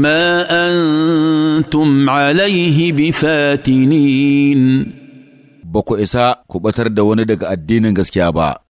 ما أنتم عليه بفاتنين بكو إساء كبتر دون دك الدين غسكيا